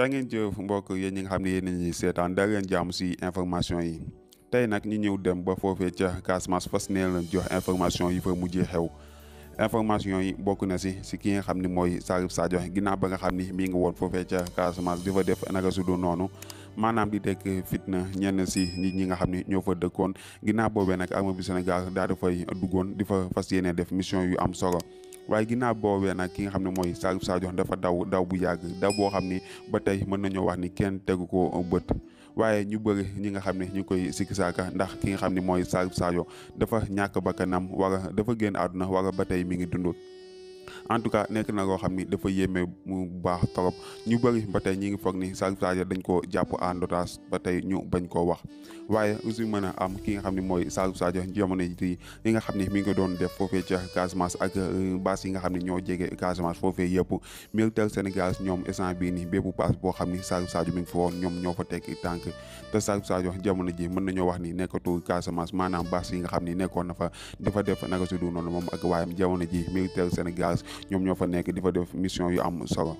daa ngeen jëf mbokk yéen ñi nga xam ne yéen ñi seetaan daa leen jàmm si information yi tey nag ñi ñëw dem ba foofee ca Casamance fas nee leen jox information yi fa mujjee xew information yi mbokk na si si ki nga xam ne mooy Salif Sadio ginnaaw ba nga xam ni mi ngi woon foofee ca Casamance di fa def naka su dul noonu maanaam di dekk fitna ñenn si nit ñi nga xam ne ñoo fa dëkkoon ginnaaw boobee nag armée bu Sénégal daal di fay duggoon di fa fas yéene def mission yu am solo waaye ginnaaw boobee nag ki nga xam ne mooy Salif Sadio dafa daw daw bu yàgg daw boo xam ni ba tey mën nañoo wax ni kenn tegu ko bët waaye ñu bëri ñi nga xam ne ñu ngi koy sikki saaka ndax ki nga xam ni mooy Salif Sadio dafa ñàkk bakkanam wala dafa génn àdduna wala ba tey mi ngi dund en tout cas nekk na loo xam ni dafa yéeme mu baax torop ñu bëri ba tey ñi ngi foog ni Salif Sadio dañ ko jàpp en otage ba tey ñu bañ koo wax waaye aussi mën a am ki nga xam ne mooy Salif Sadio jamono fi li nga xam ni mi ngi doon def foofee ca Casamance ak euh, yi nga xam ne ñoo jege Casamance foofee yëpp militaire Sénégal ñoom instant bii nii bépp passe boo xam ni Salif Sadio mi ngi fa woon ñoom ñoo fa teg tànk te Salif Sadio jamono ji mën nañoo wax ni nekkatu Casamance maanaam base yi nga xam ni nekkoon na fa dafa def naka si du noonu moom ak waayam jamono ji teel Sénégal ñoom ñoo fa nekk di fa def mission yi am solo